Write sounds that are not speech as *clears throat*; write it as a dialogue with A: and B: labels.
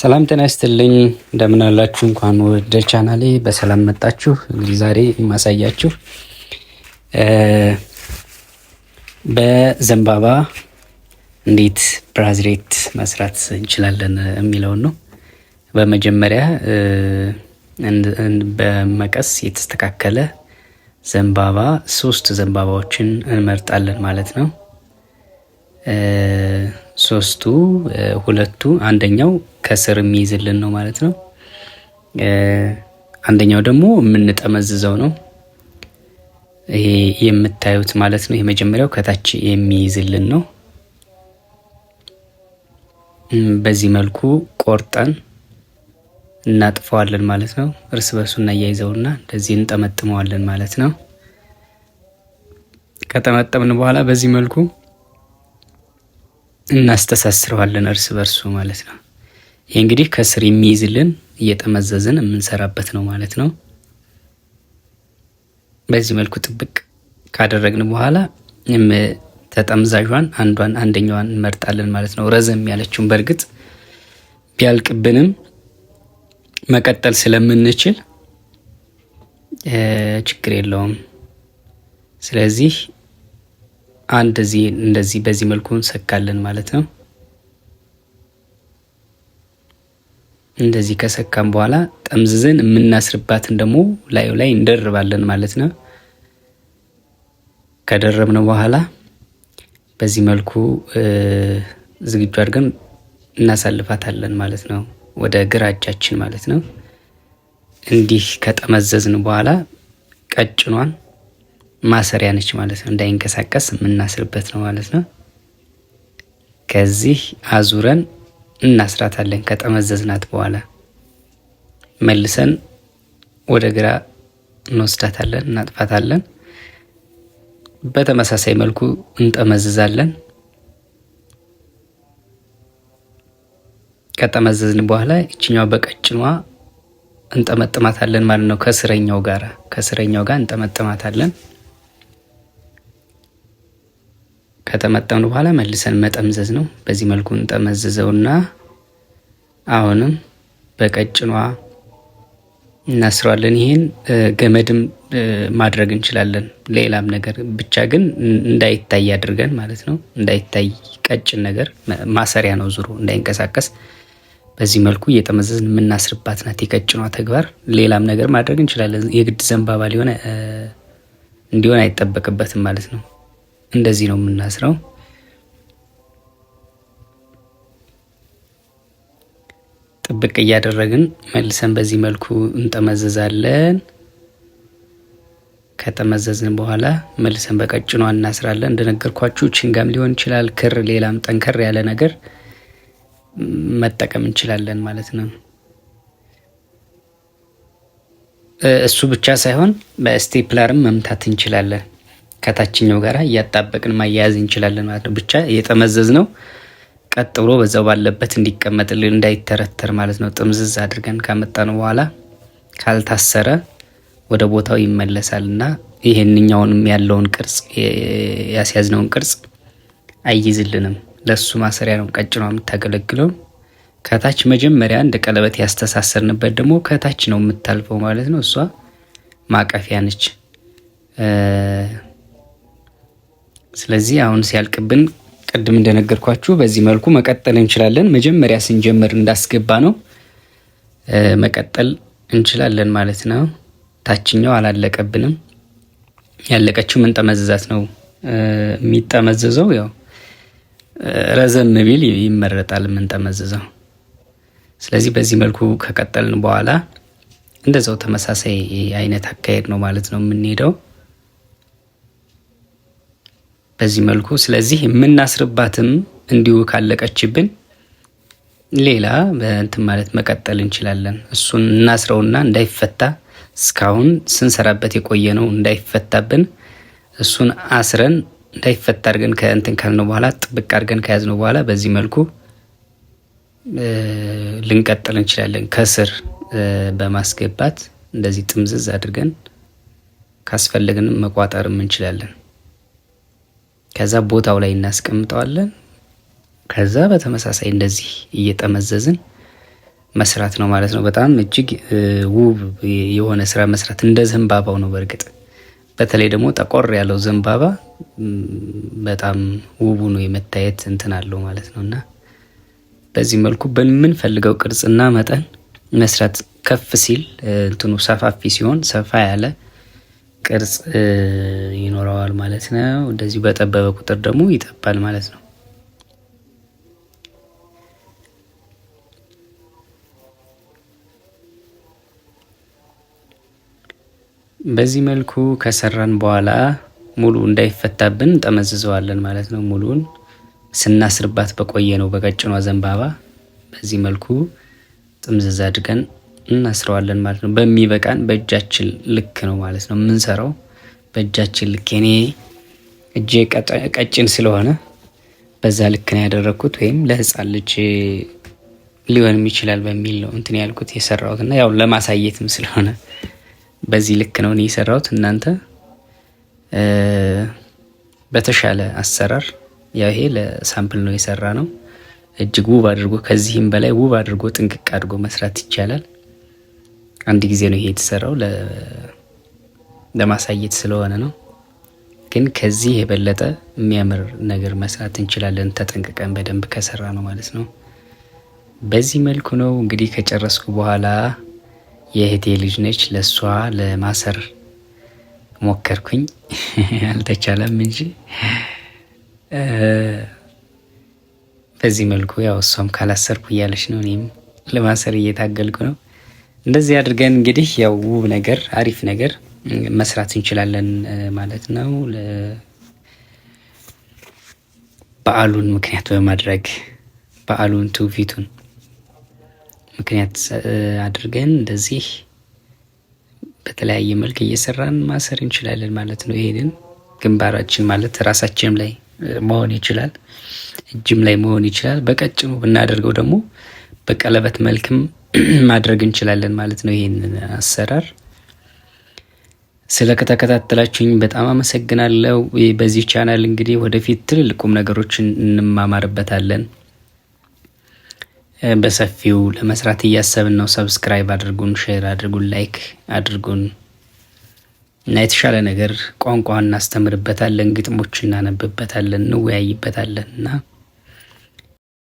A: ሰላም ጤና ይስጥልኝ። እንደምን አላችሁ? እንኳን ወደ ቻናሌ በሰላም መጣችሁ። እንግዲህ ዛሬ የማሳያችሁ በዘንባባ እንዴት ብራዝሌት መስራት እንችላለን የሚለውን ነው። በመጀመሪያ በመቀስ የተስተካከለ ዘንባባ ሶስት ዘንባባዎችን እንመርጣለን ማለት ነው። ሶስቱ ሁለቱ አንደኛው ከስር የሚይዝልን ነው ማለት ነው። አንደኛው ደግሞ የምንጠመዝዘው ነው። ይሄ የምታዩት ማለት ነው። የመጀመሪያው ከታች የሚይዝልን ነው። በዚህ መልኩ ቆርጠን እናጥፈዋለን ማለት ነው። እርስ በርሱ እናያይዘውና እንደዚህ እንጠመጥመዋለን ማለት ነው። ከጠመጠምን በኋላ በዚህ መልኩ እናስተሳስረዋለን እርስ በርሱ ማለት ነው። ይህ እንግዲህ ከስር የሚይዝልን እየጠመዘዝን የምንሰራበት ነው ማለት ነው። በዚህ መልኩ ጥብቅ ካደረግን በኋላ ተጠምዛዧን አንዷን አንደኛዋን እንመርጣለን ማለት ነው። ረዘም ያለችውን በእርግጥ ቢያልቅብንም መቀጠል ስለምንችል ችግር የለውም። ስለዚህ አንድ እዚህ እንደዚህ በዚህ መልኩ እንሰካለን ማለት ነው። እንደዚህ ከሰካም በኋላ ጠምዝዘን የምናስርባትን ደግሞ ላዩ ላይ እንደርባለን ማለት ነው። ከደረብነው በኋላ በዚህ መልኩ ዝግጁ አድርገን እናሳልፋታለን ማለት ነው። ወደ ግራ እጃችን ማለት ነው። እንዲህ ከጠመዘዝን በኋላ ቀጭኗን ማሰሪያ ነች ማለት ነው። እንዳይንቀሳቀስ የምናስርበት ነው ማለት ነው። ከዚህ አዙረን እናስራታለን። ከጠመዘዝናት በኋላ መልሰን ወደ ግራ እንወስዳታለን፣ እናጥፋታለን። በተመሳሳይ መልኩ እንጠመዝዛለን። ከጠመዘዝን በኋላ ይችኛዋ በቀጭኗ እንጠመጥማታለን ማለት ነው። ከስረኛው ጋር ከስረኛው ጋር እንጠመጥማታለን። ከጠመጠምን በኋላ መልሰን መጠምዘዝ ነው። በዚህ መልኩ እንጠመዘዘውና አሁንም በቀጭኗ እናስረዋለን። ይሄን ገመድም ማድረግ እንችላለን፣ ሌላም ነገር ብቻ ግን እንዳይታይ አድርገን ማለት ነው። እንዳይታይ ቀጭን ነገር ማሰሪያ ነው፣ ዙሮ እንዳይንቀሳቀስ በዚህ መልኩ እየጠመዘዝን የምናስርባት ናት የቀጭኗ ተግባር። ሌላም ነገር ማድረግ እንችላለን። የግድ ዘንባባ ሊሆን እንዲሆን አይጠበቅበትም ማለት ነው። እንደዚህ ነው የምናስረው። ጥብቅ እያደረግን መልሰን በዚህ መልኩ እንጠመዘዛለን። ከጠመዘዝን በኋላ መልሰን በቀጭኗ እናስራለን። እንደነገርኳችሁ ችንጋም ሊሆን ይችላል፣ ክር፣ ሌላም ጠንከር ያለ ነገር መጠቀም እንችላለን ማለት ነው። እሱ ብቻ ሳይሆን በስቴፕለርም መምታት እንችላለን። ከታችኛው ጋር እያጣበቅን ማያያዝ እንችላለን ማለት ነው። ብቻ እየጠመዘዝ ነው ቀጥ ብሎ በዛው ባለበት እንዲቀመጥልን እንዳይተረተር ማለት ነው። ጥምዝዝ አድርገን ካመጣ ነው በኋላ ካልታሰረ ወደ ቦታው ይመለሳል እና ይህንኛውንም ያለውን ቅርጽ ያስያዝነውን ቅርጽ አይይዝልንም። ለሱ ማሰሪያ ነው ነው የምታገለግለው። ከታች መጀመሪያ እንደ ቀለበት ያስተሳሰርንበት ደግሞ ከታች ነው የምታልፈው ማለት ነው። እሷ ማቀፊያ ነች። ስለዚህ አሁን ሲያልቅብን ቅድም እንደነገርኳችሁ በዚህ መልኩ መቀጠል እንችላለን። መጀመሪያ ስንጀምር እንዳስገባ ነው መቀጠል እንችላለን ማለት ነው። ታችኛው አላለቀብንም። ያለቀችው ምን ጠመዘዛት ነው የሚጠመዘዘው። ያው ረዘም ቢል ይመረጣል ምን ጠመዘዘው። ስለዚህ በዚህ መልኩ ከቀጠልን በኋላ እንደዛው ተመሳሳይ አይነት አካሄድ ነው ማለት ነው የምንሄደው። በዚህ መልኩ ስለዚህ የምናስርባትም እንዲሁ ካለቀችብን ሌላ በእንትን ማለት መቀጠል እንችላለን። እሱን እናስረውና እንዳይፈታ እስካሁን ስንሰራበት የቆየ ነው እንዳይፈታብን እሱን አስረን እንዳይፈታ አድርገን ከእንትን ካልነው በኋላ ጥብቅ አድርገን ከያዝነው በኋላ በዚህ መልኩ ልንቀጥል እንችላለን። ከስር በማስገባት እንደዚህ ጥምዝዝ አድርገን ካስፈለግንም መቋጠርም እንችላለን። ከዛ ቦታው ላይ እናስቀምጠዋለን። ከዛ በተመሳሳይ እንደዚህ እየጠመዘዝን መስራት ነው ማለት ነው። በጣም እጅግ ውብ የሆነ ስራ መስራት እንደ ዘንባባው ነው። በእርግጥ በተለይ ደግሞ ጠቆር ያለው ዘንባባ በጣም ውቡ ነው የመታየት እንትን አለው ማለት ነው እና በዚህ መልኩ በምንፈልገው ቅርጽና መጠን መስራት ከፍ ሲል እንትኑ ሰፋፊ ሲሆን ሰፋ ያለ ቅርጽ ይኖረዋል ማለት ነው። እንደዚሁ በጠበበ ቁጥር ደግሞ ይጠባል ማለት ነው። በዚህ መልኩ ከሰራን በኋላ ሙሉ እንዳይፈታብን ጠመዝዘዋለን ማለት ነው። ሙሉን ስናስርባት በቆየ ነው በቀጭኗ ዘንባባ በዚህ መልኩ ጥምዝዝ አድርገን እናስረዋለን ማለት ነው። በሚበቃን በእጃችን ልክ ነው ማለት ነው የምንሰራው በእጃችን ልክ። እኔ እጄ ቀጭን ስለሆነ በዛ ልክ ነው ያደረግኩት፣ ወይም ለህፃን ልጅ ሊሆንም ይችላል በሚል ነው እንትን ያልኩት የሰራሁት እና ያው ለማሳየትም ስለሆነ በዚህ ልክ ነው እኔ የሰራሁት። እናንተ በተሻለ አሰራር ያው ይሄ ለሳምፕል ነው የሰራ ነው። እጅግ ውብ አድርጎ ከዚህም በላይ ውብ አድርጎ ጥንቅቅ አድርጎ መስራት ይቻላል። አንድ ጊዜ ነው ይሄ የተሰራው ለማሳየት ስለሆነ ነው። ግን ከዚህ የበለጠ የሚያምር ነገር መስራት እንችላለን፣ ተጠንቅቀን በደንብ ከሰራ ነው ማለት ነው። በዚህ መልኩ ነው እንግዲህ ከጨረስኩ በኋላ የእህቴ ልጅ ነች፣ ለእሷ ለማሰር ሞከርኩኝ፣ *laughs* አልተቻለም እንጂ በዚህ መልኩ ያው እሷም ካላሰርኩ እያለች ነው፣ እኔም ለማሰር እየታገልኩ ነው። እንደዚህ አድርገን እንግዲህ ያው ውብ ነገር አሪፍ ነገር መስራት እንችላለን ማለት ነው። በዓሉን ምክንያት በማድረግ በዓሉን ትውፊቱን ምክንያት አድርገን እንደዚህ በተለያየ መልክ እየሰራን ማሰር እንችላለን ማለት ነው። ይሄንን ግንባራችን ማለት ራሳችንም ላይ መሆን ይችላል፣ እጅም ላይ መሆን ይችላል። በቀጭኑ ብናደርገው ደግሞ በቀለበት መልክም *clears throat* ማድረግ እንችላለን ማለት ነው ይህንን አሰራር። ስለከተከታተላችሁኝ በጣም አመሰግናለሁ። በዚህ ቻናል እንግዲህ ወደፊት ትልልቁም ነገሮችን እንማማርበታለን በሰፊው ለመስራት እያሰብን ነው። ሰብስክራይብ አድርጉን፣ ሼር አድርጉን፣ ላይክ አድርጉን እና የተሻለ ነገር ቋንቋ እናስተምርበታለን፣ ግጥሞች እናነብበታለን፣ እንወያይበታለን እና